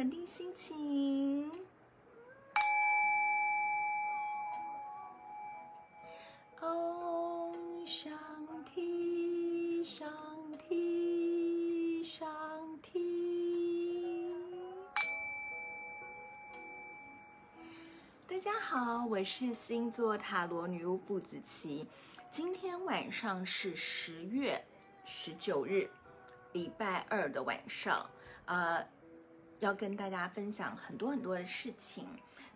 穩定心情。哦、oh，上聽上聽上聽。大家好，我是星座塔羅女巫傅子綺。今天晚上是十月十九日，禮拜二的晚上。呃。要跟大家分享很多很多的事情，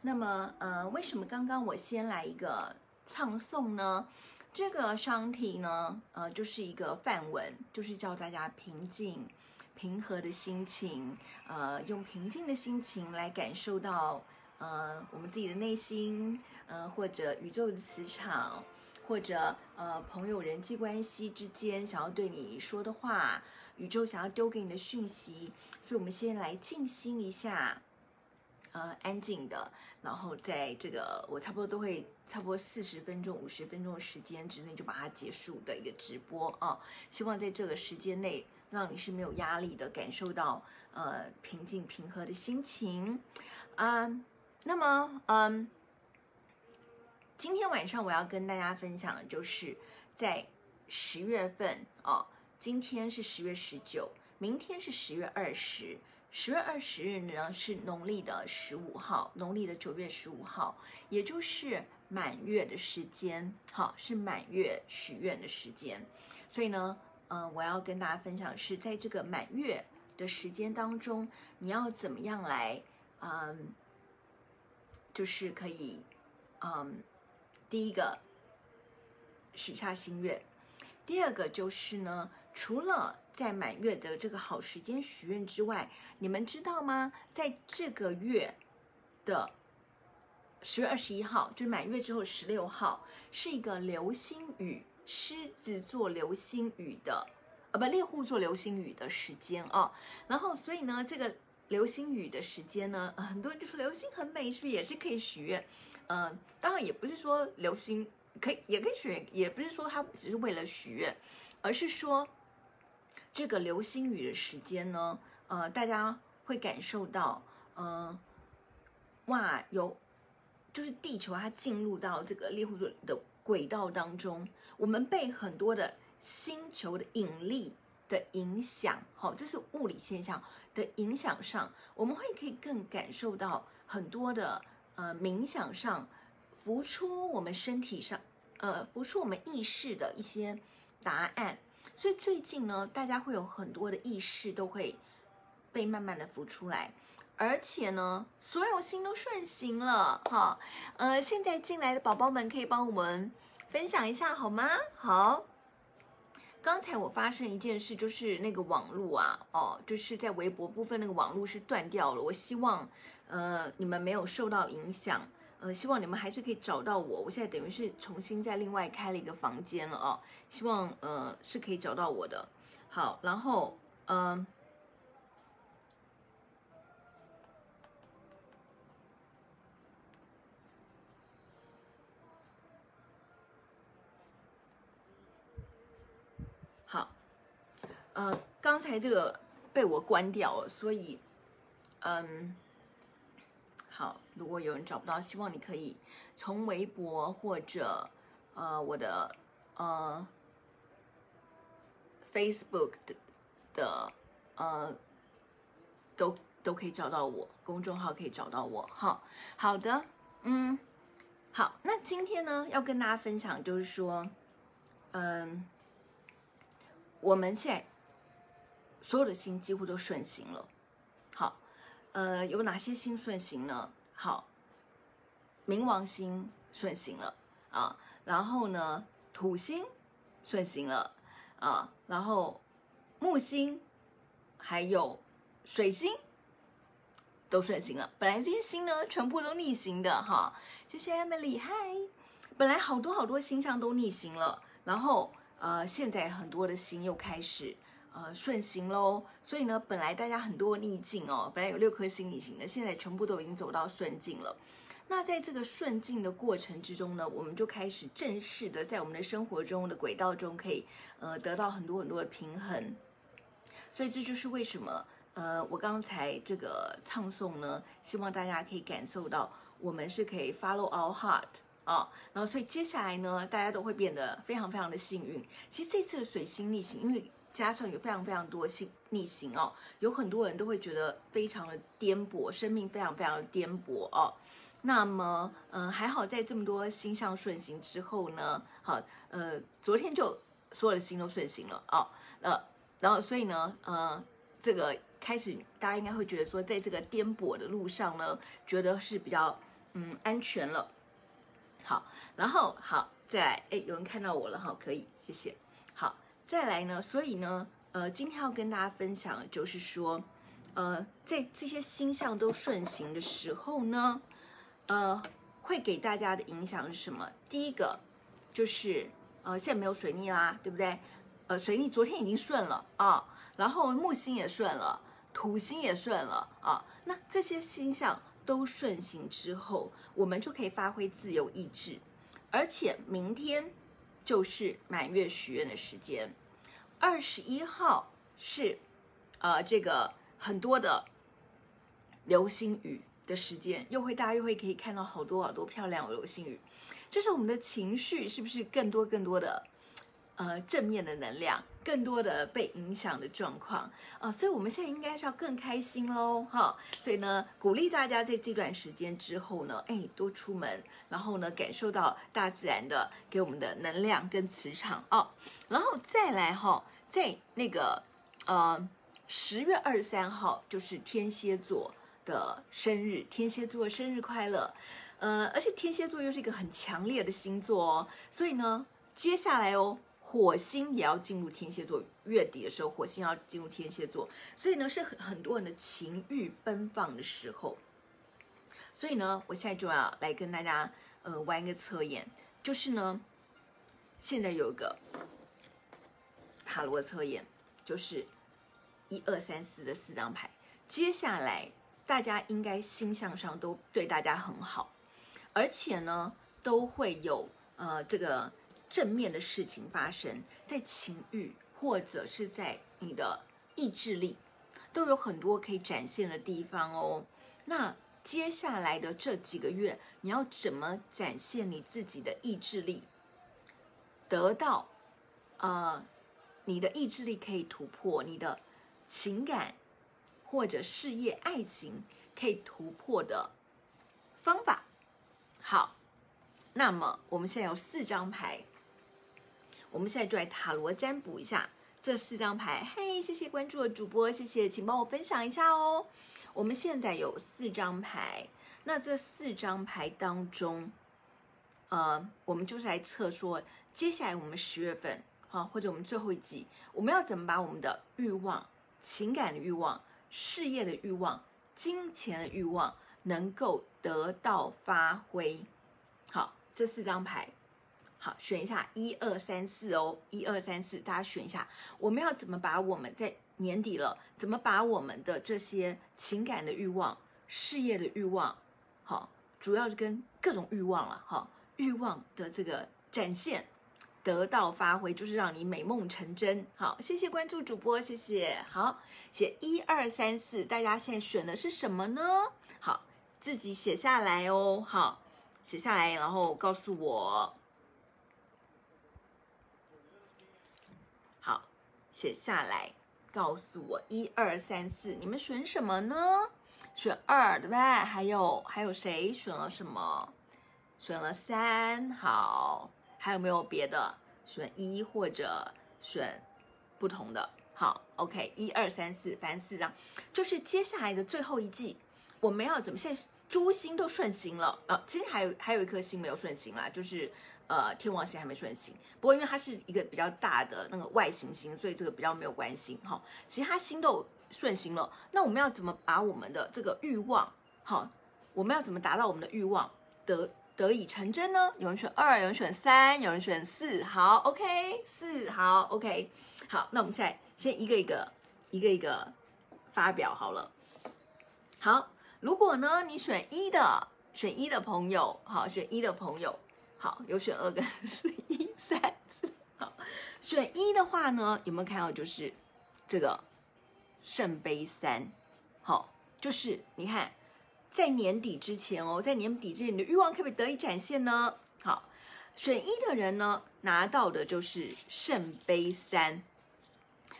那麼，呃，為什麼剛剛我先來一個唱誦呢？這個商體呢，呃，就是一個範文，就是教大家平靜、平和的心情，呃，用平靜的心情來感受到，呃，我們自己的內心，呃，或者宇宙的磁場，或者呃，朋友人際關係之間想要對你說的話。宇宙想要丟給你的訊息，所以我們先來靜心一下，呃，安靜的，然後在這個我差不多都會差不多四十分鐘、五十分鐘的時間之內就把它結束的一個直播啊、哦，希望在這個時間內讓你是沒有壓力的，感受到呃平靜、平和的心情。嗯，那麼嗯，今天晚上我要跟大家分享的就是在十月份哦。今天是十月十九，明天是十月二十。十月二十日呢，是農曆的十五號，農曆的九月十五號，也就是滿月的時間。好，是滿月許願的時間。所以呢，嗯、呃，我要跟大家分享是在這個滿月的時間當中，你要怎麼樣來，嗯，就是可以，嗯，第一個許下心願，第二個就是呢。除了在滿月的這個好時間許願之外，你們知道嗎？在這個月的十月二十一號，就是滿月之後十六號，是一個流星雨，獅子座流星雨的，呃，不，獵戶座流星雨的時間啊、哦。然後，所以呢，這個流星雨的時間呢，很多人就說流星很美，是不是也是可以許願？嗯、呃，當然也不是說流星可以也可以許願，也不是說它只是為了許願，而是說。這個流星雨的時間呢，呃，大家會感受到，呃哇，有就是地球它進入到這個獵戶座的軌道當中，我們被很多的星球的引力的影響，好、哦，這是物理現象的影響上，我們會可以更感受到很多的呃，冥想上浮出我們身體上，呃，浮出我們意識的一些答案。所以最近呢，大家會有很多的意識都會被慢慢的浮出來，而且呢，水星都順行了哈。呃，現在進來的寶寶們可以幫我們分享一下好嗎？好。剛才我發生一件事，就是那個網絡啊，哦，就是在微博部分那個網絡是斷掉了。我希望呃你們沒有受到影響。呃，希望你們還是可以找到我。我現在等於是重新再另外開了一個房間了哦，希望呃是可以找到我的。好，然後嗯，好，呃，剛才這個被我關掉了，所以嗯。好，如果有人找不到，希望你可以從微博或者呃我的呃 Facebook 的的呃都都可以找到我，公眾號可以找到我。好，好的，嗯，好，那今天呢要跟大家分享就是說，嗯，我們現在所有的星幾乎都順行了。呃，有哪些星順行呢？好，冥王星順行了啊，然後呢，土星順行了啊，然後木星還有水星都順行了。本來這些星呢，全部都逆行的哈，啊，謝謝艾米麗嗨，本來好多好多星象都逆行了，然後呃，現在很多的星又開始。呃，順行咯。所以呢，本來大家很多逆境哦，本來有六顆星逆行的，現在全部都已經走到順境了。那在這個順境的過程之中呢，我們就開始正式的在我們的生活中的軌道中，可以呃得到很多很多的平衡。所以這就是為什麼呃，我剛才這個唱誦呢，希望大家可以感受到，我們是可以 follow our heart 啊、哦。然後，所以接下來呢，大家都會變得非常非常的幸運。其實這次的水星逆行，因為加上有非常非常多星逆行哦，有很多人都會覺得非常的顛簸，生命非常非常的顛簸哦。那麼，嗯，還好在這麼多星象順行之後呢，好，呃，昨天就所有的星都順行了哦，呃，然後所以呢，呃，這個開始大家應該會覺得說，在這個顛簸的路上呢，覺得是比較嗯安全了。好，然後好，再來，哎，有人看到我了哈，可以，謝謝。再來呢，所以呢，呃，今天要跟大家分享的就是說，呃，在這些星象都順行的時候呢，呃，會給大家的影響是什麼？第一個就是，呃，現在沒有水逆啦，對不對？呃，水逆昨天已經順了啊，然後木星也順了，土星也順了啊。那這些星象都順行之後，我們就可以發揮自由意志，而且明天就是滿月許願的時間。二十一號是，呃，這個很多的流星雨的時間，又會大家又會可以看到好多好多漂亮的流星雨，就是我們的情緒是不是更多更多的？呃，正面的能量，更多的被影響的狀況，呃，所以我們現在應該是要更開心嘍，哈、哦。所以呢，鼓勵大家在這段時間之後呢，哎，多出門，然後呢，感受到大自然的給我們的能量跟磁場哦。然後再來哈、哦，在那個呃，十月二十三號，就是天蠍座的生日，天蠍座生日快樂，呃，而且天蠍座又是一個很強烈的星座哦，所以呢，接下來哦。火星也要進入天蠍座，月底的時候，火星要進入天蠍座，所以呢，是很，很多人的情欲奔放的時候。所以呢，我現在就要來跟大家，呃，玩一個測驗，就是呢，現在有一個塔羅測驗，就是一二三四的四張牌。接下來大家應該星象上都對大家很好，而且呢，都會有呃這個。正面的事情發生在情欲，或者是在你的意志力，都有很多可以展現的地方哦。那接下來的這幾個月，你要怎麼展現你自己的意志力，得到呃你的意志力可以突破你的情感或者事業、愛情可以突破的方法？好，那麼我們現在有四張牌。我們現在就來塔羅占卜一下這四張牌。嘿，謝謝關注的主播，謝謝，請幫我分享一下哦。我們現在有四張牌，那這四張牌當中，呃，我們就是來測說，接下來我們十月份，啊，或者我們最後一集，我們要怎麼把我們的欲望、情感的欲望、事業的欲望、金錢的欲望能夠得到發揮？好，這四張牌。好，選一下一二三四哦，一二三四，大家選一下。我們要怎麼把我們在年底了，怎麼把我們的這些情感的慾望、事業的慾望，好，主要是跟各種慾望了，啊，哈，慾望的這個展現得到發揮，就是讓你美夢成真。好，謝謝關注主播，謝謝。好，寫一二三四，大家現在選的是什麼呢？好，自己寫下來哦。好，寫下來，然後告訴我。寫下來，告訴我一二三四，你們選什麼呢？選二對吧？還有還有誰選了什麼？選了三，好，還有沒有別的？選一或者選不同的，好，OK，一二三四，翻四張。就是接下來的最後一季，我沒有怎麼現在諸星都順行了啊、哦，其實還有還有一顆星沒有順行啦，就是。呃，天王星還沒順行，不過因為它是一個比較大的那個外行星，所以這個比較沒有關係齁。其他星都有順行了，那我們要怎麼把我們的這個慾望齁？我們要怎麼達到我們的慾望得得以成真呢？有人選二，有人選三，有人選四。Okay, 4, 好，OK，四。好，OK。好，那我們現在先一個一個、一個一個發表好了。好，如果呢你選一的，選一的朋友，好，選一的朋友。好，有選二跟四，一三四。好，選一的話呢，有沒有看到就是這個聖杯三？好，就是你看在年底之前哦，在年底之前你的欲望可不可以得以展現呢？好，選一的人呢，拿到的就是聖杯三，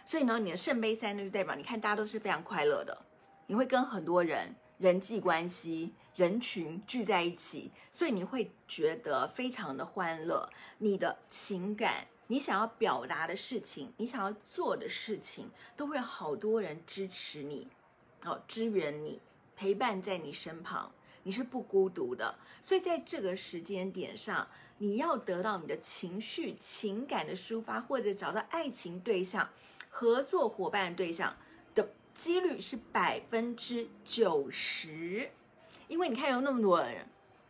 所以呢，你的聖杯三呢，就代表你看大家都是非常快樂的，你會跟很多人人際關係。人群聚在一起，所以你會覺得非常的歡樂。你的情感，你想要表達的事情，你想要做的事情，都會有好多人支持你，哦，支援你，陪伴在你身旁，你是不孤獨的。所以在這個時間點上，你要得到你的情緒、情感的抒發，或者找到愛情對象、合作夥伴對象的幾率是百分之九十。因為你看有那麼多人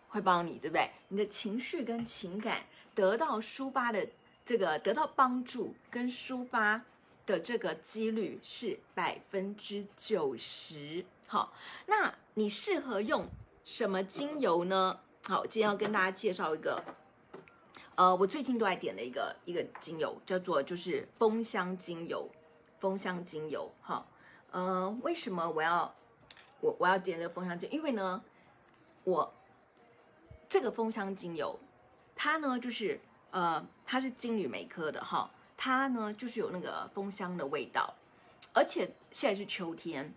會幫你，對不對？你的情緒跟情感得到抒發的這個，得到幫助跟抒發的這個幾率是百分之九十。好，那你適合用什麼精油呢？好，今天要跟大家介紹一個，呃，我最近都愛點的一個一個精油叫做就是蜂香精油。蜂香精油，好，呃，為什麼我要我我要點這個蜂香精油？因為呢。我這個楓香精油，它呢就是呃，它是金縷梅科的哈，它呢就是有那個楓香的味道，而且現在是秋天，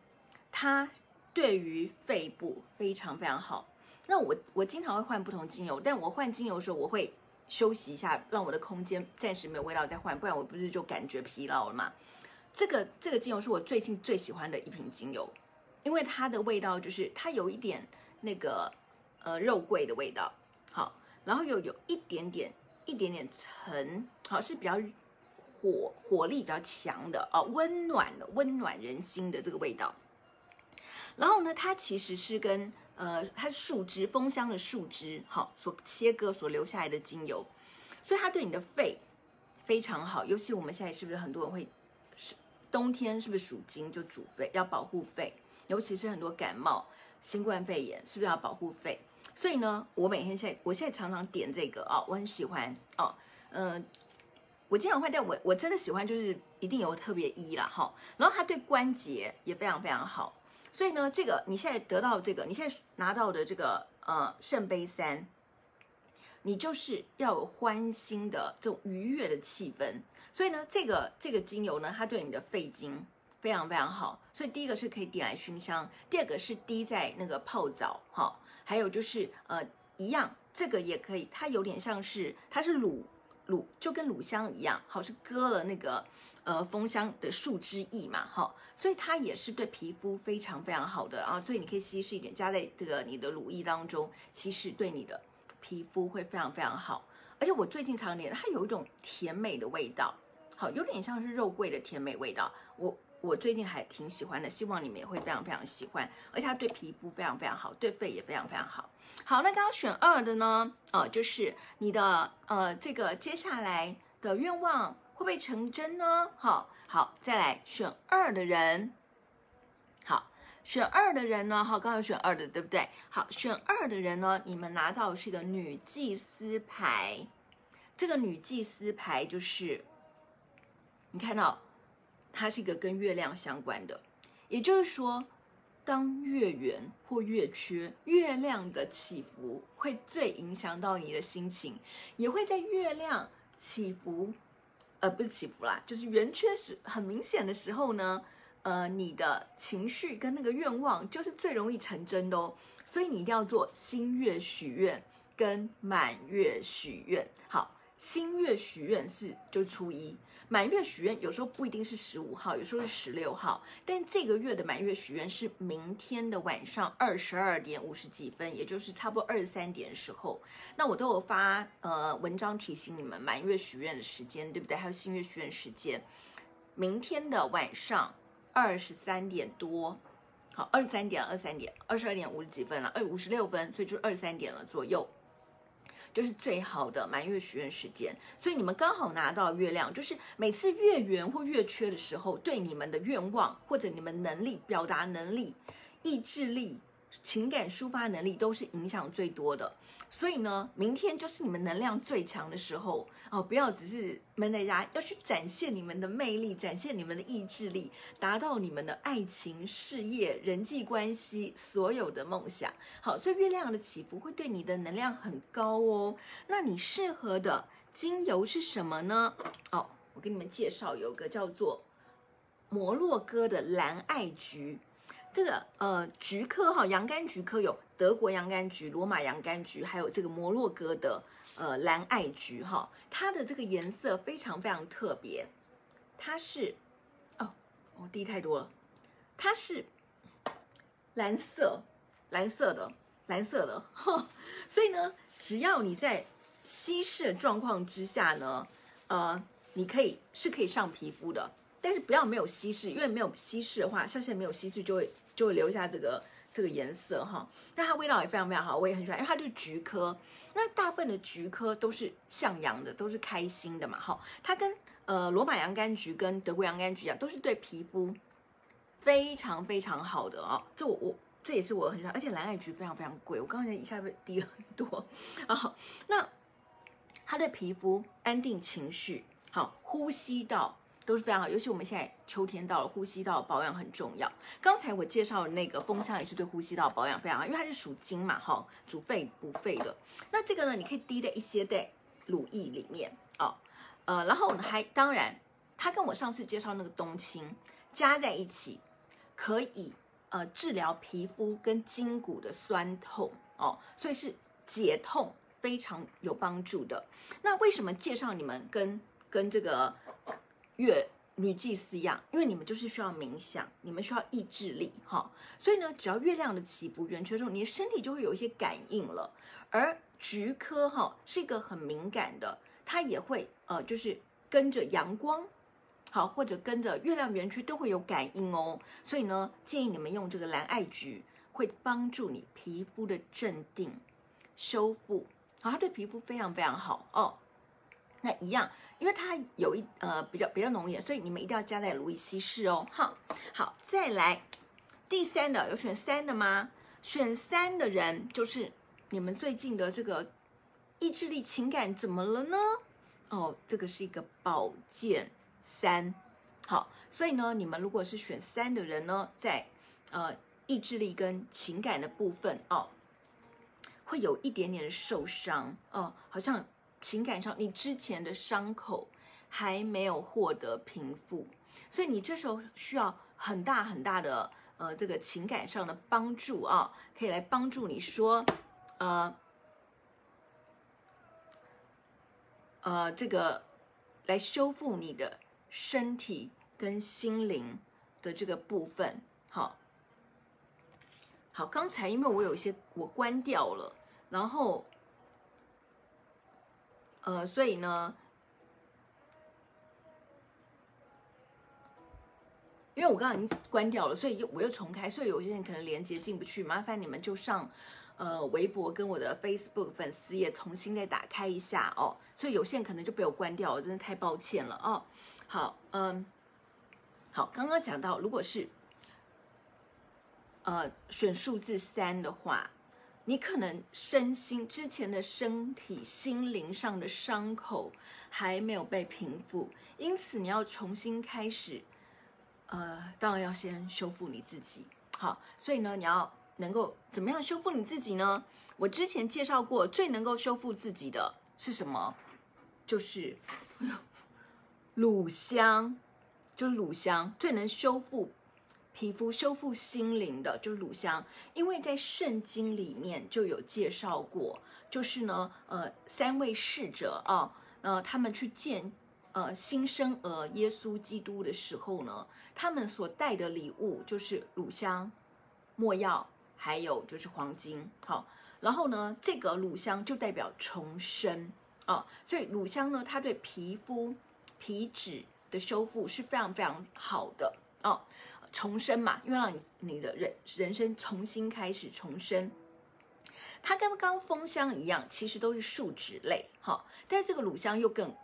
它對於肺部非常非常好。那我我經常會換不同精油，但我換精油的時候，我會休息一下，讓我的空間暫時沒有味道再換，不然我不是就感覺疲勞了嘛？這個這個精油是我最近最喜歡的一瓶精油，因為它的味道就是它有一點。那個呃肉桂的味道好，然後又有，有一點點一點點沉好，是比較火火力比較強的啊、哦，溫暖的溫暖人心的這個味道。然後呢，它其實是跟呃，它是樹枝、楓香的樹枝好所切割所留下來的精油，所以它對你的肺非常好。尤其我們現在是不是很多人會是冬天是不是屬金就主肺，要保護肺，尤其是很多感冒。新冠肺炎是不是要保護肺？所以呢，我每天現在，我現在常常點這個啊、哦，我很喜歡哦。嗯、呃，我經常換但我，我真的喜歡，就是一定有特別一啦。哈。然後它對關節也非常非常好。所以呢，這個你現在得到這個，你現在拿到的這個呃聖杯三，你就是要有歡欣的這種愉悅的氣氛。所以呢，這個這個精油呢，它對你的肺經。非常非常好，所以第一個是可以點來熏香，第二個是滴在那個泡澡哈，還有就是呃一樣，這個也可以，它有點像是它是乳乳，就跟乳香一樣好，是割了那個呃蜂香的樹脂液嘛好，所以它也是對皮膚非常非常好的啊，所以你可以稀釋一點，加在這個你的乳液當中稀釋，對你的皮膚會非常非常好，而且我最近常點它有一種甜美的味道，好有點像是肉桂的甜美味道，我。我最近還挺喜歡的，希望你們也會非常非常喜歡，而且它對皮膚非常非常好，對肺也非常非常好。好，那剛剛選二的呢？呃，就是你的呃這個接下來的願望會不會成真呢？好，好，再來選二的人。好，選二的人呢？好，剛剛選二的對不對？好，選二的人呢？你們拿到是一個女祭司牌，這個女祭司牌就是你看到。它是一個跟月亮相關的，也就是說，當月圓或月缺，月亮的起伏會最影響到你的心情，也會在月亮起伏，呃，不是起伏啦，就是圓缺是很明顯的時候呢，呃，你的情緒跟那個願望就是最容易成真的哦。所以你一定要做新月許願跟滿月許願。好，新月許願是就初一。滿月許願有時候不一定是十五號，有時候是十六號，但這個月的滿月許願是明天的晚上二十二點五十幾分，也就是差不多二十三點的時候。那我都有發呃文章提醒你們滿月許願的時間，對不對？還有新月許願時間，明天的晚上二十三點多，好，二十三點二十三點，二十二點五十幾分了，二五十六分，所以就是二十三點了左右。就是最好的滿月許願時間，所以你們剛好拿到月亮，就是每次月圓或月缺的時候，對你們的願望或者你們能力、表達能力、意志力。情感抒發能力都是影響最多的，所以呢，明天就是你們能量最強的時候哦，不要只是悶在家，要去展現你們的魅力，展現你們的意志力，達到你們的愛情、事業、人際關係所有的夢想。好，所以月亮的起伏會對你的能量很高哦。那你適合的精油是什麼呢？哦，我給你們介紹有個叫做摩洛哥的藍艾菊。這個呃，菊科哈、哦，洋甘菊科有德國洋甘菊、羅馬洋甘菊，還有這個摩洛哥的呃藍艾菊哈、哦，它的這個顏色非常非常特別，它是哦，我、哦、滴太多了，它是藍色藍色的藍色的哈，所以呢，只要你在稀釋的狀況之下呢，呃，你可以是可以上皮膚的，但是不要沒有稀釋，因為沒有稀釋的話，像現在沒有稀釋就會。就留下這個這個顏色哈、哦，那它味道也非常非常好，我也很喜歡，因為它就是菊科。那大部分的菊科都是向陽的，都是開心的嘛，哈、哦。它跟呃羅馬洋甘菊跟德國洋甘菊一樣，都是對皮膚非常非常好的哦。這我，我這也是我很喜歡，而且藍艾菊非常非常貴，我剛才一下子滴了很多啊、哦。那它對皮膚安定情緒，好、哦、呼吸道。都是非常好，尤其我們現在秋天到了，呼吸道保養很重要。剛才我介紹的那個風香也是對呼吸道保養非常好，因為它是屬金嘛，哈、哦，主肺補肺的。那這個呢，你可以滴在一些在乳液裡面哦，呃，然後我們還，當然，它跟我上次介紹那個冬青加在一起，可以呃治療皮膚跟筋骨的痠痛哦，所以是解痛非常有幫助的。那為什麼介紹你們跟跟這個？月女祭司一樣，因為你們就是需要冥想，你們需要意志力哈、哦，所以呢，只要月亮的起伏圓缺的時候，你的身體就會有一些感應了。而菊科哈、哦、是一個很敏感的，它也會呃，就是跟着陽光好，或者跟着月亮圓缺都會有感應哦。所以呢，建議你們用這個藍艾菊會幫助你皮膚的鎮定修復，好，它對皮膚非常非常好哦。那一樣，因為它有一呃，比較比較濃烈，所以你們一定要加在如意稀釋哦，哈。好，再來第三的，有選三的嗎？選三的人就是你們最近的這個意志力、情感怎麼了呢？哦，這個是一個寶劍三。好，所以呢，你們如果是選三的人呢，在呃意志力跟情感的部分哦，會有一點點的受傷哦，好像。情感上，你之前的傷口還沒有獲得平復，所以你這時候需要很大很大的呃，這個情感上的幫助啊，可以來幫助你說，呃，呃，這個來修復你的身體跟心靈的這個部分。好、哦，好，剛才因為我有一些我關掉了，然後。呃，所以呢，因為我剛剛已經關掉了，所以我又重開，所以有些人可能連接進不去，麻煩你們就上呃微博跟我的 Facebook 粉絲頁重新再打開一下哦。所以有些人可能就被我關掉了，真的太抱歉了哦。好，嗯，好，剛剛講到，如果是呃選數字三的話。你可能身心之前的身體、心靈上的傷口還沒有被平復，因此你要重新開始。呃，當然要先修復你自己。好，所以呢，你要能夠怎麼樣修復你自己呢？我之前介紹過，最能夠修復自己的是什麼？就是，乳香，就是乳香最能修復。皮膚修復、心靈的，就是乳香，因為在聖經裡面就有介紹過，就是呢，呃，三位侍者啊、哦，呃，他們去見呃新生兒耶穌基督的時候呢，他們所帶的禮物就是乳香、沒藥，還有就是黃金。好、哦，然後呢，這個乳香就代表重生啊、哦，所以乳香呢，它對皮膚皮脂的修復是非常非常好的哦。重生嘛，因為讓你你的人人生重新開始重生，它跟剛楓香一樣，其實都是樹脂類，好，但是這個乳香又更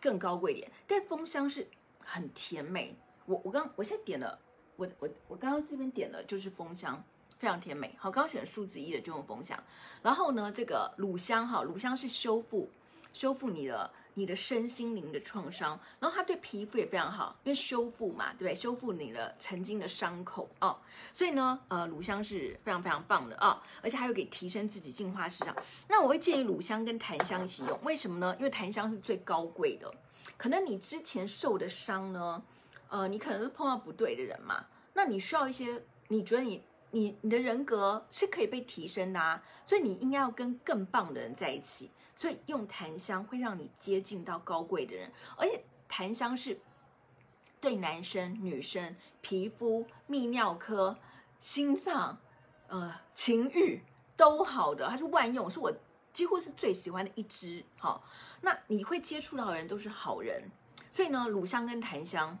更高貴一點。但楓香是很甜美，我我剛我現在點了，我我我剛剛這邊點了就是楓香，非常甜美。好，剛剛選樹脂一的就用楓香，然後呢，這個乳香哈，乳香是修復修復你的。你的身心靈的創傷，然後它對皮膚也非常好，因為修復嘛，對，對修復你的曾經的傷口啊、哦，所以呢，呃，乳香是非常非常棒的啊、哦，而且還有給提升自己、淨化磁場。那我會建議乳香跟檀香一起用，為什麼呢？因為檀香是最高貴的。可能你之前受的傷呢，呃，你可能是碰到不對的人嘛，那你需要一些你覺得你你你的人格是可以被提升的、啊，所以你應該要跟更棒的人在一起。所以用檀香會讓你接近到高貴的人，而且檀香是對男生、女生、皮膚、泌尿科、心臟、呃，情慾都好的，它是萬用，是我幾乎是最喜歡的一支。好，那你會接觸到的人都是好人。所以呢，乳香跟檀香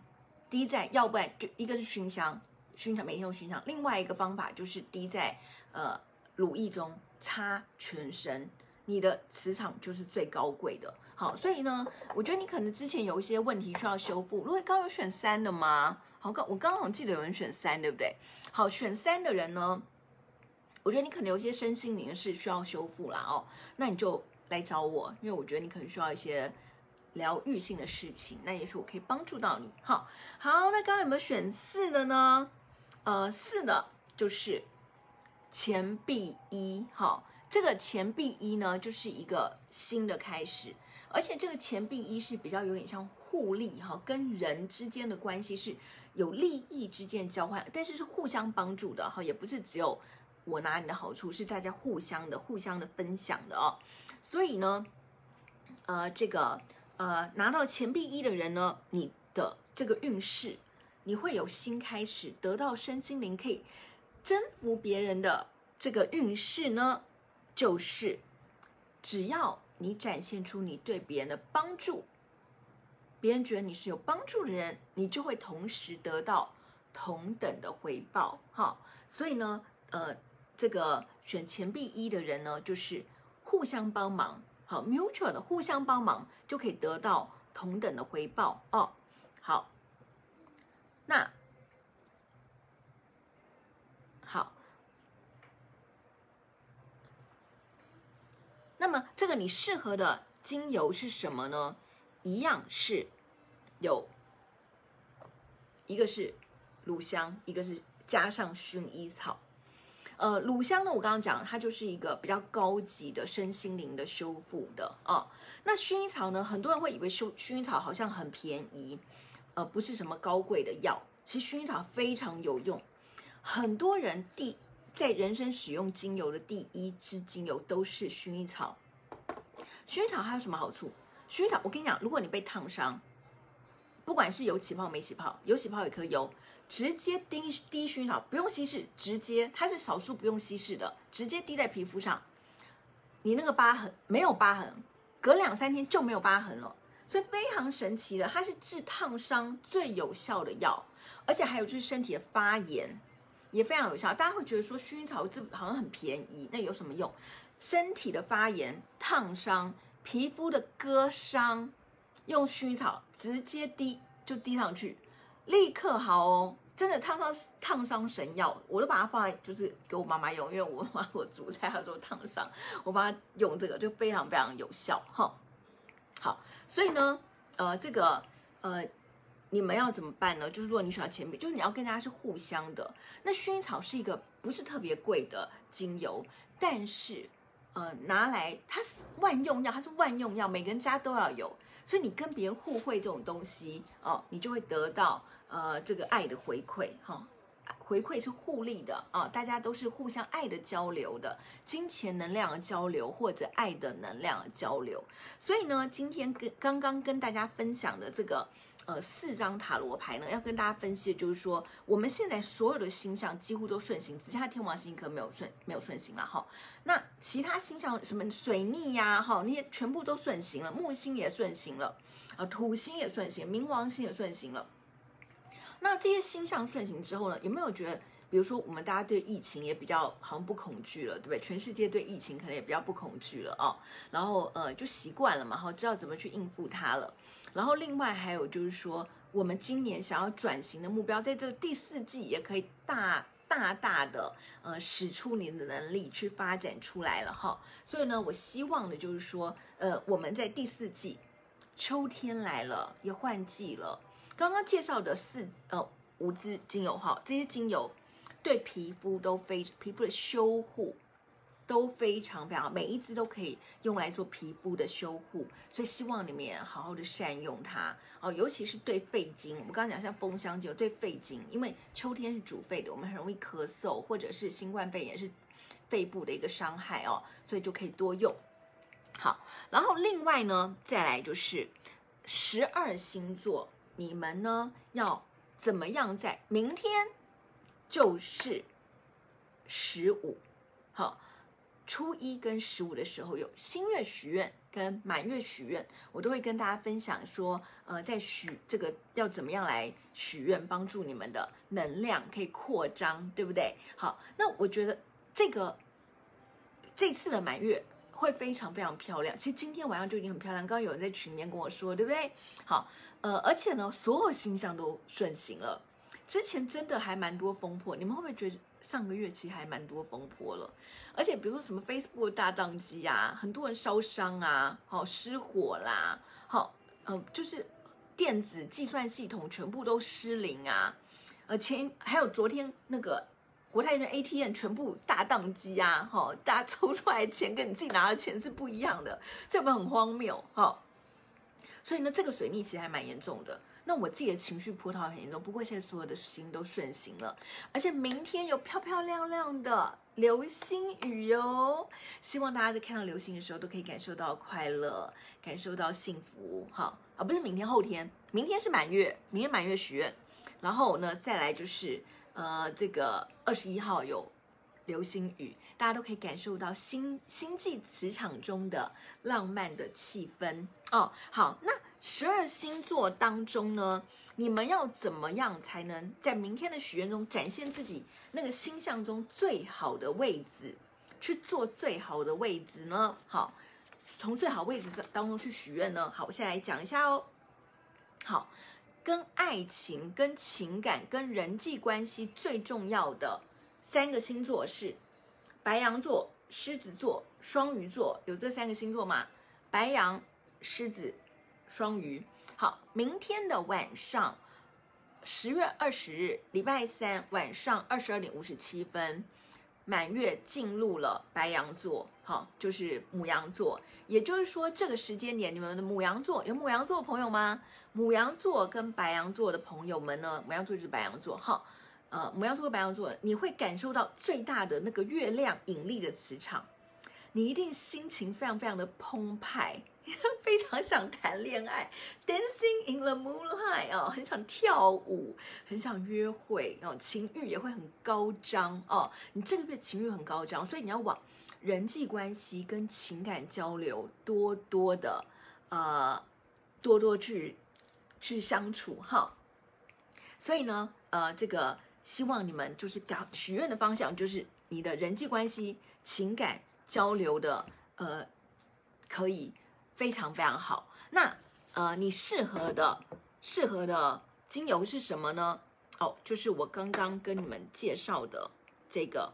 滴在，要不然就一個是燻香，燻香每天用燻香；另外一個方法就是滴在呃乳液中，擦全身。你的磁場就是最高貴的，好，所以呢，我覺得你可能之前有一些問題需要修復。如果剛有選三的嗎？好，剛我剛好記得有人選三，對不對？好，選三的人呢，我覺得你可能有一些身心靈是需要修復啦。哦。那你就來找我，因為我覺得你可能需要一些療癒性的事情。那也許我可以幫助到你。好，好，那剛剛有沒有選四的呢？呃，四呢就是錢幣一，好。這個錢幣一呢，就是一個新的開始，而且這個錢幣一是比較有點像互利哈，跟人之間的關係是有利益之間的交換，但是是互相幫助的哈，也不是只有我拿你的好處，是大家互相的、互相的分享的哦。所以呢，呃，這個呃拿到錢幣一的人呢，你的這個運勢你會有新開始，得到身心靈可以征服別人的這個運勢呢。就是，只要你展現出你對別人的幫助，別人覺得你是有幫助的人，你就會同時得到同等的回報。哈，所以呢，呃，這個選錢幣一的人呢，就是互相幫忙，好，mutual 的互相幫忙就可以得到同等的回報哦。好，那。那麼這個你適合的精油是什麼呢？一樣是，有一個是乳香，一個是加上薰衣草。呃，乳香呢，我剛剛講，它就是一個比較高級的身心靈的修復的啊、哦。那薰衣草呢，很多人會以為薰薰衣草好像很便宜，呃，不是什麼高貴的藥。其實薰衣草非常有用，很多人第。在人生使用精油的第一支精油都是薰衣草。薰衣草還有什麼好處？薰衣草，我跟你講，如果你被燙傷，不管是有起泡沒起泡，有起泡也可以用，直接滴滴薰衣草，不用稀釋，直接，它是少數不用稀釋的，直接滴在皮膚上，你那個疤痕沒有疤痕，隔兩三天就沒有疤痕了，所以非常神奇的，它是治燙傷最有效的藥，而且還有就是身體的發炎。也非常有效。大家會覺得說薰衣草這好像很便宜，那有什麼用？身體的發炎、燙傷、皮膚的割傷，用薰衣草直接滴就滴上去，立刻好哦！真的燙傷燙傷神藥，我都把它放在就是給我媽媽用，因為我媽媽我煮菜她做燙傷，我媽用這個就非常非常有效哈。好，所以呢，呃，這個呃。你們要怎麼辦呢？就是如果你選到前面，就是你要跟大家是互相的。那薰衣草是一個不是特別貴的精油，但是，呃，拿來它是萬用藥，它是萬用藥，每個人家都要有。所以你跟別人互惠這種東西哦，你就會得到呃這個愛的回饋哈、哦，回饋是互利的啊、哦，大家都是互相愛的交流的，金錢能量的交流或者愛的能量的交流。所以呢，今天跟剛剛跟大家分享的這個。呃，四張塔羅牌呢，要跟大家分析的就是說，我們現在所有的星象幾乎都順行，只差天王星星可能沒有順沒有順行了哈。那其他星象什麼水逆呀哈，那些全部都順行了，木星也順行了，呃，土星也順行，冥王星也順行了。那這些星象順行之後呢，有沒有覺得，比如說我們大家對疫情也比較好像不恐懼了，對不對？全世界對疫情可能也比較不恐懼了哦。然後呃，就習慣了嘛，哈，知道怎麼去應付它了。然後，另外還有就是說，我們今年想要轉型的目標，在這個第四季也可以大大大的呃，使出你的能力去發展出來了哈。所以呢，我希望的就是說，呃，我們在第四季，秋天來了，也換季了。剛剛介紹的四呃五支精油哈，這些精油對皮膚都非常皮膚的修護。都非常非常好，每一支都可以用來做皮膚的修護，所以希望你們也好好的善用它哦。尤其是對肺經，我們剛剛講像楓香酒對肺經，因為秋天是主肺的，我們很容易咳嗽，或者是新冠肺炎是肺部的一個傷害哦，所以就可以多用。好，然後另外呢，再來就是十二星座，你們呢要怎麼樣在明天就是十五，好。初一跟十五的時候有新月許願跟滿月許願，我都會跟大家分享說，呃，在許這個要怎麼樣來許願，幫助你們的能量可以擴張，對不對？好，那我覺得這個這次的滿月會非常非常漂亮。其實今天晚上就已經很漂亮，剛剛有人在群裡面跟我說，對不對？好，呃，而且呢，所有星象都順行了。之前真的還蠻多風波，你們會不會覺得上個月其實還蠻多風波了？而且比如說什麼 Facebook 大宕機啊，很多人燒傷啊，好失火啦，好，嗯、呃，就是電子計算系統全部都失靈啊，呃，前還有昨天那個國泰的 ATM 全部大宕機啊，好，大家抽出來的錢跟你自己拿的錢是不一樣的，這很很荒謬哈。所以呢，這個水逆其實還蠻嚴重的。那我自己的情緒波濤很嚴重，不過現在所有的星都順行了，而且明天有漂漂亮亮的流星雨喲、哦！希望大家在看到流星的時候都可以感受到快樂，感受到幸福。好，啊、哦，不是明天後天，明天是滿月，明天滿月許願，然後呢，再來就是呃，這個二十一號有流星雨，大家都可以感受到星星際磁場中的浪漫的氣氛哦。好，那。十二星座當中呢，你們要怎麼樣才能在明天的許願中展現自己那個星象中最好的位置，去做最好的位置呢？好，從最好位置上當中去許願呢？好，我先來講一下哦。好，跟愛情、跟情感、跟人際關係最重要的三個星座是白羊座、獅子座、雙魚座，有這三個星座嘛，白羊、獅子。雙魚，好，明天的晚上，十月二十日，禮拜三晚上二十二點五十七分，滿月進入了白羊座，好，就是牡羊座，也就是說這個時間點，你們的牡羊座有牡羊座的朋友嗎？牡羊座跟白羊座的朋友們呢，牡羊座就是白羊座，好，呃，牡羊座跟白羊座，你會感受到最大的那個月亮引力的磁場，你一定心情非常非常的澎湃。 非常想談戀愛，Dancing in the Moonlight 哦，很想跳舞，很想約會哦，情欲也會很高漲哦。你這個月情欲很高漲，所以你要往人際關係跟情感交流多多的呃多多去去相處哈。所以呢，呃，這個希望你們就是表許願的方向，就是你的人際關係、情感交流的呃可以。非常非常好，那呃，你適合的適合的精油是什麼呢？哦，就是我剛剛跟你們介紹的這個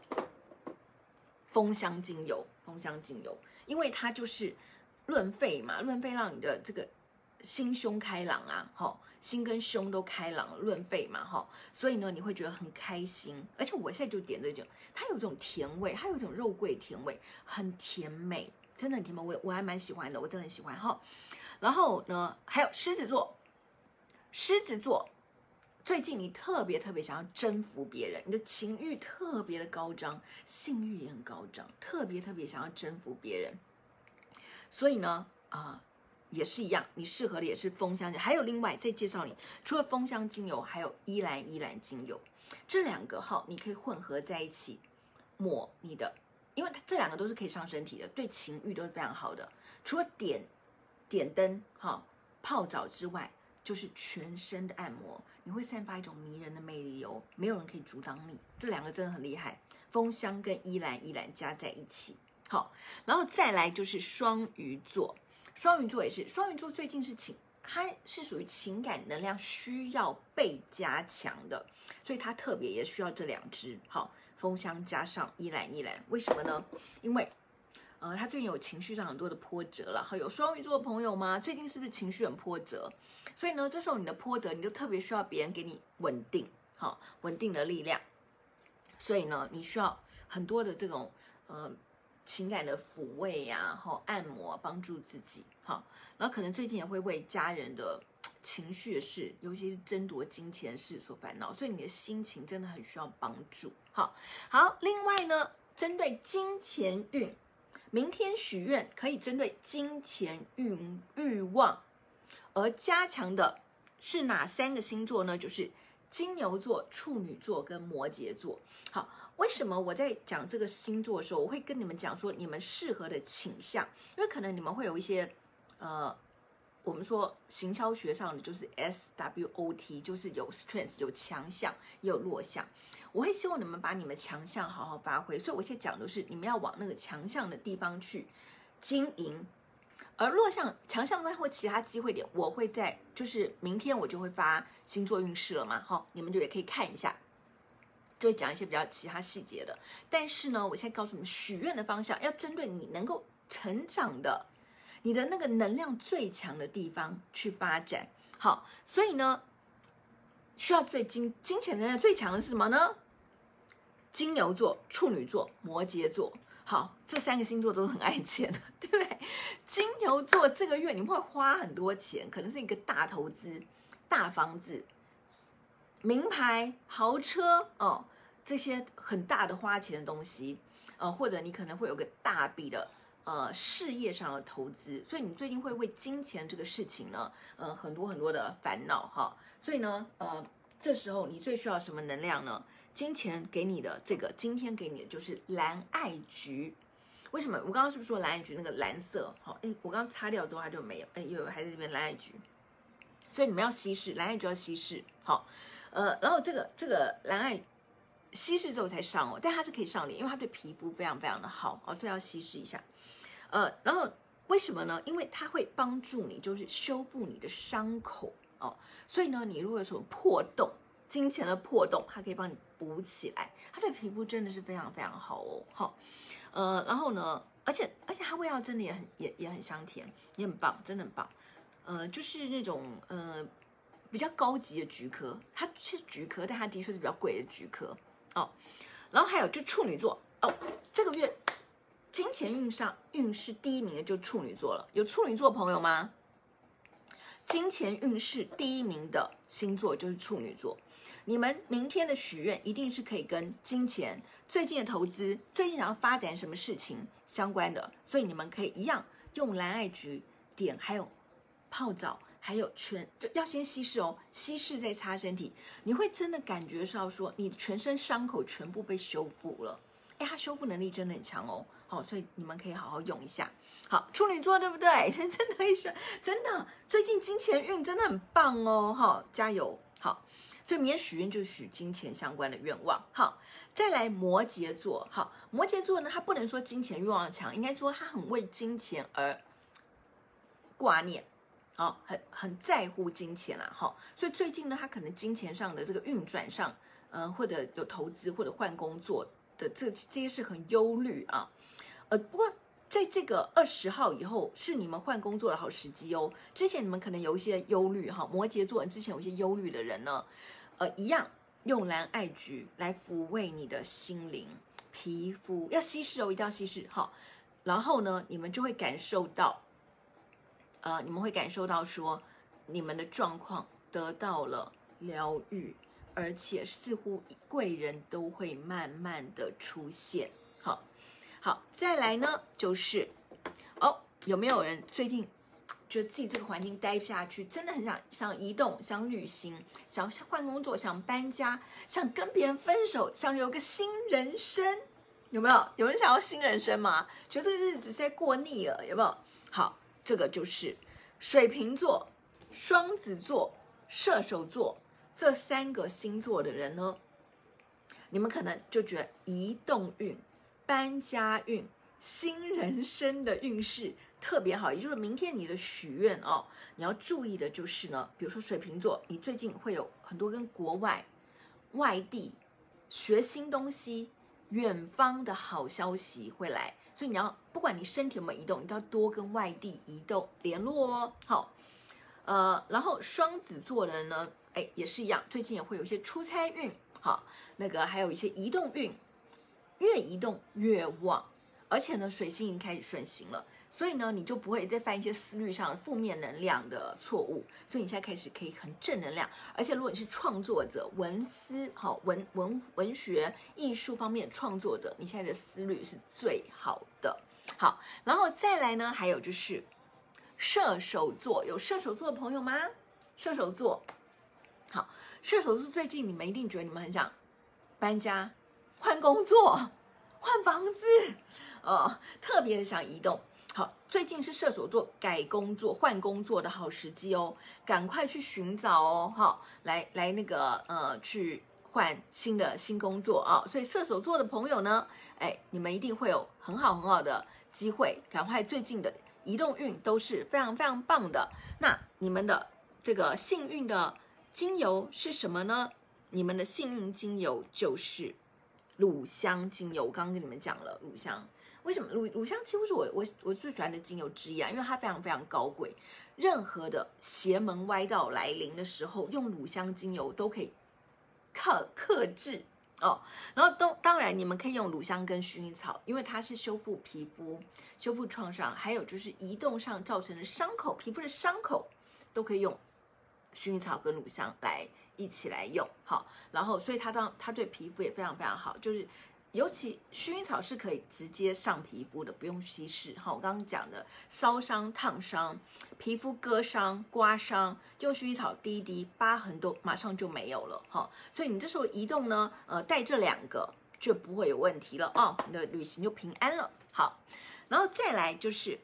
楓香精油，楓香精油，因為它就是潤肺嘛，潤肺讓你的這個心胸開朗啊，哈、哦，心跟胸都開朗，潤肺嘛，哈、哦，所以呢，你會覺得很開心。而且我現在就點這種，它有種甜味，它有種肉桂甜味，很甜美。真的，你們我我還蠻喜歡的，我真的很喜歡哈、哦。然後呢，還有獅子座，獅子座最近你特別特別想要征服別人，你的情慾特別的高漲，性慾也很高漲，特別特別想要征服別人。所以呢，啊、呃，也是一樣，你適合的也是風香精。還有另外再介紹你，除了風香精油，還有依蘭依蘭精油這兩個哈、哦，你可以混合在一起抹你的。因為它這兩個都是可以上身體的，對情欲都是非常好的。除了點點燈、哈、哦、泡澡之外，就是全身的按摩，你會散發一種迷人的魅力哦，沒有人可以阻擋你。這兩個真的很厲害，風香跟依蘭依蘭加在一起，好、哦。然後再來就是雙魚座，雙魚座也是，雙魚座最近是情，它是屬於情感能量需要被加強的，所以它特別也需要這兩支，好、哦。風箱加上依蘭依蘭，為什麼呢？因為，呃，他最近有情緒上很多的波折了。好，有雙魚座的朋友嗎？最近是不是情緒很波折？所以呢，這時候你的波折，你就特別需要別人給你穩定，好、哦，穩定的力量。所以呢，你需要很多的這種呃情感的撫慰呀、啊，和按摩幫助自己。好、哦，然後可能最近也會為家人的。情緒的事，尤其是爭奪金錢的事所煩惱，所以你的心情真的很需要幫助。好，好，另外呢，針對金錢運，明天許願可以針對金錢運欲望而加強的，是哪三個星座呢？就是金牛座、處女座跟摩羯座。好，為什麼我在講這個星座的時候，我會跟你們講說你們適合的傾向？因為可能你們會有一些呃。我們說行銷學上的就是 SWOT，就是有 strength 有強項，也有弱項。我會希望你們把你們強項好好發揮，所以我現在講的是你們要往那個強項的地方去經營，而弱項、強項之外或其他機會點，我會在就是明天我就會發星座運勢了嘛，好、哦，你們就也可以看一下，就會講一些比較其他細節的。但是呢，我現在告訴你們，許願的方向要針對你能夠成長的。你的那個能量最強的地方去發展，好，所以呢，需要最金金錢能量最強的是什麼呢？金牛座、處女座、摩羯座，好，這三個星座都很愛錢的，對不對？金牛座這個月你會花很多錢，可能是一個大投資、大房子、名牌、豪車哦，這些很大的花錢的東西，呃、哦，或者你可能會有個大筆的。呃，事業上的投資，所以你最近會為金錢這個事情呢，呃，很多很多的煩惱哈。所以呢，呃，這時候你最需要什麼能量呢？金錢給你的這個，今天給你的就是藍艾菊。為什麼？我剛剛是不是說藍艾菊那個藍色？好，哎，我剛擦掉之後它就沒有，哎，又有還在這邊藍艾菊。所以你們要稀釋，藍艾菊要稀釋。好，呃，然後這個這個藍艾稀釋之後才上哦，但它是可以上臉，因為它對皮膚非常非常的好哦，所以要稀釋一下。呃，然後為什麼呢？因為它會幫助你，就是修復你的傷口哦。所以呢，你如果有什麼破洞，金錢的破洞，它可以幫你補起來。它對皮膚真的是非常非常好哦，好、哦。呃，然後呢，而且而且它味道真的也很也也很香甜，也很棒，真的很棒。呃，就是那種呃比較高級的菊科，它是菊科，但它的確是比較貴的菊科。哦。然後還有就處女座哦，這個月。金錢運上運勢第一名的就處女座了，有處女座朋友嗎？金錢運勢第一名的星座就是處女座，你們明天的許願一定是可以跟金錢最近的投資、最近想要發展什麼事情相關的，所以你們可以一樣用藍艾菊點，還有泡澡，還有全就要先稀釋哦，稀釋再擦身體，你會真的感覺到說你全身傷口全部被修復了，哎，它修復能力真的很強哦。哦，所以你們可以好好用一下。好，處女座對不對？ 真的可以真的，最近金錢運真的很棒哦，好，加油！好，所以明天許願就許金錢相關的願望。好，再來摩羯座。好，摩羯座呢，他不能說金錢慾望強，應該說他很為金錢而掛念，好，很很在乎金錢啊。好，所以最近呢，他可能金錢上的這個運轉上，嗯、呃，或者有投資，或者換工作。這這些是很憂慮啊，呃，不過在這個二十號以後是你們換工作的好時機哦。之前你們可能有一些憂慮哈、哦，摩羯座之前有一些憂慮的人呢，呃，一樣用藍艾菊來撫慰你的心靈，皮膚要稀釋哦，一定要稀釋哈、哦。然後呢，你們就會感受到，呃，你們會感受到說你們的狀況得到了療癒。而且似乎貴人都會慢慢的出現。好，好，再來呢，就是，哦，有沒有人最近覺得自己這個環境待不下去，真的很想想移動、想旅行、想換工作、想搬家、想跟別人分手、想有個新人生？有沒有？有人想要新人生嗎？覺得這個日子在過膩了？有沒有？好，這個就是水瓶座、雙子座、射手座。這三個星座的人呢，你們可能就覺得移動運、搬家運、新人生的運勢特別好。也就是明天你的許願哦，你要注意的就是呢，比如說水瓶座，你最近會有很多跟國外、外地學新東西、遠方的好消息會來，所以你要不管你身體有沒有移動，你都要多跟外地移動聯絡哦。好，呃，然後雙子座的人呢？哎，也是一樣，最近也會有一些出差運，好，那個還有一些移動運，越移動越旺，而且呢，水星已經開始順行了，所以呢，你就不會再犯一些思慮上負面能量的錯誤，所以你現在開始可以很正能量，而且如果你是創作者、文思好、文文文學藝術方面創作者，你現在的思慮是最好的。好，然後再來呢，還有就是射手座，有射手座的朋友嗎？射手座。好，射手座最近你們一定覺得你們很想搬家、換工作、換房子，哦，特別的想移動。好，最近是射手座改工作、換工作的好時機哦，趕快去尋找哦，好，來來那個呃，去換新的新工作啊，哦。所以射手座的朋友呢，哎，你們一定會有很好很好的機會，趕快最近的移動運都是非常非常棒的。那你們的這個幸運的。精油是什麼呢？你們的幸運精油就是乳香精油。我剛剛跟你們講了乳香，為什麼乳乳香幾乎是我我我最喜歡的精油之一啊？因為它非常非常高貴。任何的邪門歪道來臨的時候，用乳香精油都可以克克制哦。然後都當然，你們可以用乳香跟薰衣草，因為它是修復皮膚、修復創傷，還有就是移動上造成的傷口、皮膚的傷口都可以用。薰衣草跟乳香來一起來用，好，然後所以它當它對皮膚也非常非常好，就是尤其薰衣草是可以直接上皮膚的，不用稀釋。哈，我剛剛講的燒傷、燙傷、皮膚割傷、刮傷，就薰衣草滴滴，疤痕都馬上就沒有了。哈，所以你這時候移動呢，呃，帶這兩個就不會有問題了哦，你的旅行就平安了。好，然後再來就是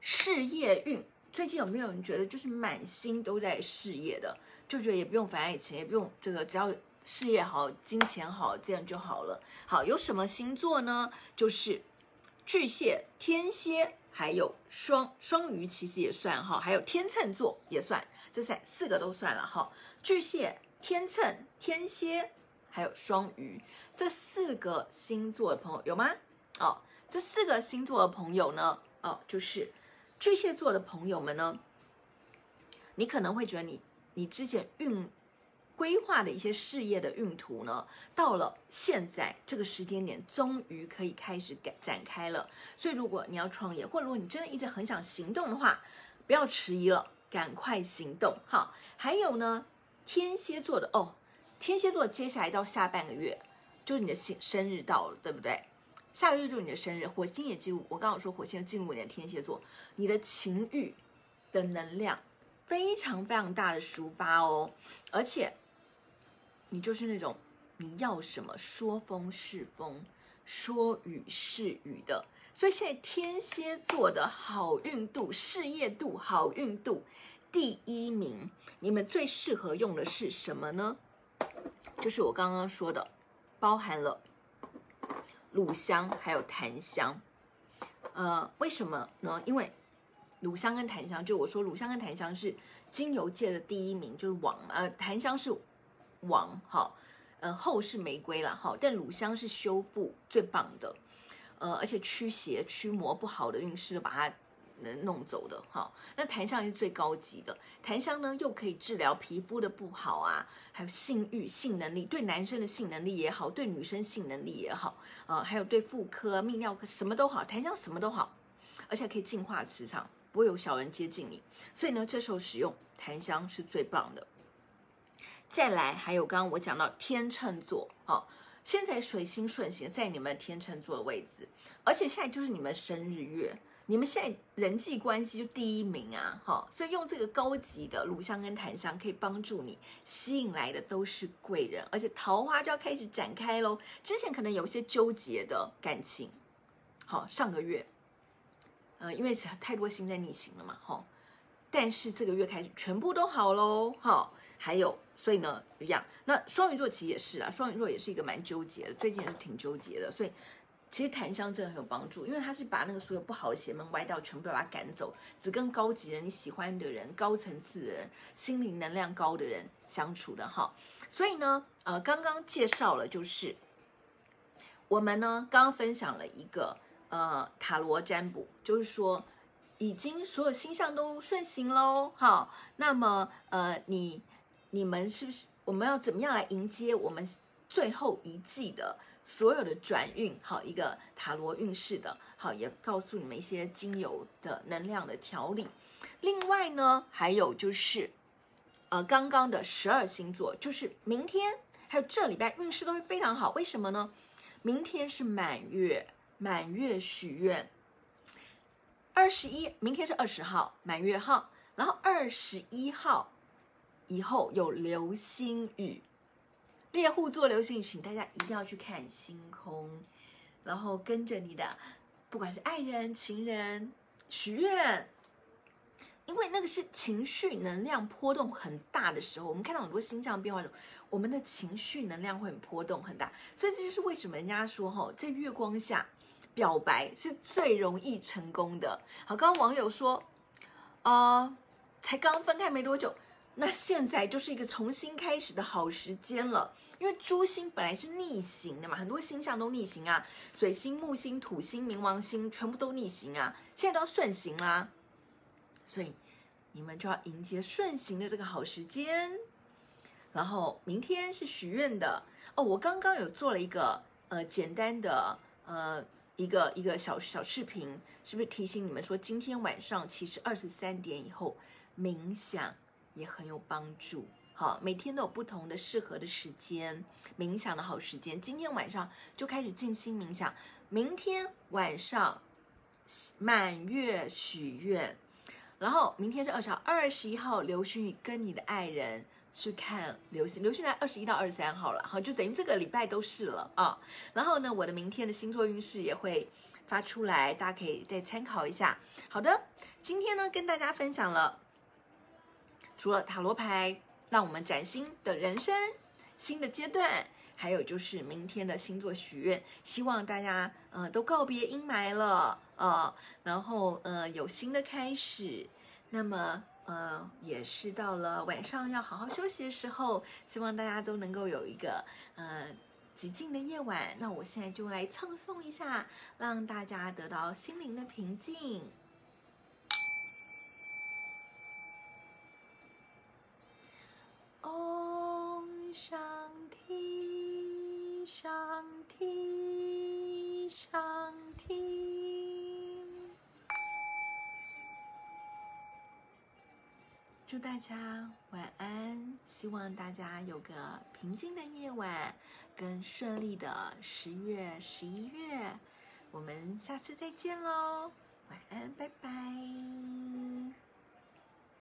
事業運。最近有沒有人覺得就是滿心都在事業的，就覺得也不用煩愛情，也不用這個，只要事業好，金錢好這樣就好了。好，有什麼星座呢？就是巨蟹、天蠍，還有雙雙魚，其實也算哈，還有天秤座也算，這三四個都算了哈。巨蟹、天秤、天蠍，還有雙魚，這四個星座的朋友有嗎？哦，這四個星座的朋友呢？哦，就是。巨蟹座的朋友們呢，你可能會覺得你你之前運規劃的一些事業的運途呢，到了現在這個時間點，終於可以開始展開了。所以如果你要創業，或者如果你真的一直很想行動的話，不要遲疑了，趕快行動哈。還有呢，天蠍座的哦，天蠍座接下來到下半個月，就是你的生生日到了，對不對？下個月就是你的生日，火星也進入。我剛好說火星要進入你的天蠍座，你的情慾的能量非常非常大的抒發哦，而且你就是那種你要什麼說風是風，說雨是雨的。所以現在天蠍座的好運度、事業度、好運度第一名，你們最適合用的是什麼呢？就是我剛剛說的，包含了。乳香還有檀香，呃，為什麼呢？因為乳香跟檀香，就我說乳香跟檀香是精油界的第一名，就是王，呃，檀香是王，好，呃，後是玫瑰啦，好，但乳香是修復最棒的，呃，而且驅邪驅魔，不好的運勢把它。能弄走的哈，那檀香是最高級的。檀香呢，又可以治療皮膚的不好啊，還有性欲、性能力，對男生的性能力也好，對女生性能力也好，啊，還有對婦科、泌尿科什麼都好。檀香什麼都好，而且可以淨化磁場，不會有小人接近你。所以呢，這時候使用檀香是最棒的。再來，還有剛剛我講到天秤座，好，現在水星順行在你們天秤座的位置，而且現在就是你們生日月。你們現在人際關係就第一名啊，哈、哦，所以用這個高級的乳香跟檀香可以幫助你吸引來的都是貴人，而且桃花就要開始展開嘍。之前可能有些糾結的感情，好、哦，上個月，呃，因為太多星在逆行了嘛，哈、哦，但是這個月開始全部都好嘍，好、哦，還有，所以呢，一樣，那雙魚座其實也是啊，雙魚座也是一個蠻糾結的，最近也是挺糾結的，所以。其實檀香真的很有幫助，因為它是把那個所有不好的邪門歪道全部把它趕走，只跟高級人、你喜歡的人、高層次的人、心靈能量高的人相處的哈。所以呢，呃，剛剛介紹了就是我們呢剛剛分享了一個呃塔羅占卜，就是說已經所有星象都順行嘍，好，那麼呃你你們是不是我們要怎麼樣來迎接我們最後一季的？所有的轉運好，一個塔羅運勢的好，也告訴你們一些精油的能量的調理。另外呢，還有就是，呃，剛剛的十二星座，就是明天還有這禮拜運勢都會非常好。為什麼呢？明天是滿月，滿月許願。二十一，明天是二十號滿月號，然後二十一號以後有流星雨。獵戶座流星雨，請大家一定要去看星空，然後跟着你的，不管是愛人、情人許願，因為那個是情緒能量波動很大的時候，我們看到很多星象變化的時候，我們的情緒能量會很波動很大，所以這就是為什麼人家說哈、哦，在月光下表白是最容易成功的。好，剛剛網友說，呃，才剛分開沒多久。那現在就是一個重新開始的好時間了，因為諸星本來是逆行的嘛，很多星象都逆行啊，水星、木星、土星、冥王星全部都逆行啊，現在都要順行啦，所以你們就要迎接順行的這個好時間。然後明天是許願的哦，我剛剛有做了一個呃簡單的呃一個一個小小視頻，是不是提醒你們說今天晚上其實二十三點以後冥想。也很有幫助，好，每天都有不同的適合的時間，冥想的好時間。今天晚上就開始靜心冥想，明天晚上滿月許願，然後明天是二十號、二十一號，流星雨跟你的愛人去看流星。流星雨二十一到二十三號了，好，就等於這個禮拜都是了啊。然後呢，我的明天的星座運勢也會發出來，大家可以再參考一下。好的，今天呢跟大家分享了。除了塔羅牌，讓我們嶄新的人生、新的階段，還有就是明天的星座許願，希望大家呃都告別陰霾了啊，然後呃有新的開始。那麼呃也是到了晚上要好好休息的時候，希望大家都能夠有一個呃寂靜的夜晚。那我現在就來唱誦一下，讓大家得到心靈的平靜。嗡、哦，上提，上提，上提。祝大家晚安，希望大家有個平靜的夜晚，更順利的十月、十一月。我們下次再見嘍，晚安，拜拜。